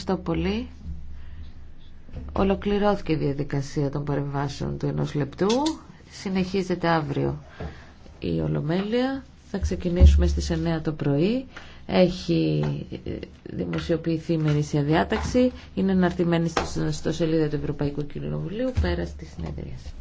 Ευχαριστώ πολύ. Ολοκληρώθηκε η διαδικασία των παρεμβάσεων του ενός λεπτού. Συνεχίζεται αύριο η Ολομέλεια. Θα ξεκινήσουμε στις 9 το πρωί. Έχει ε, δημοσιοποιηθεί η μερίσια διάταξη. Είναι αναρτημένη στο σελίδα του Ευρωπαϊκού Κοινοβουλίου πέρα στη συνεδρίαση.